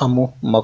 xamu ma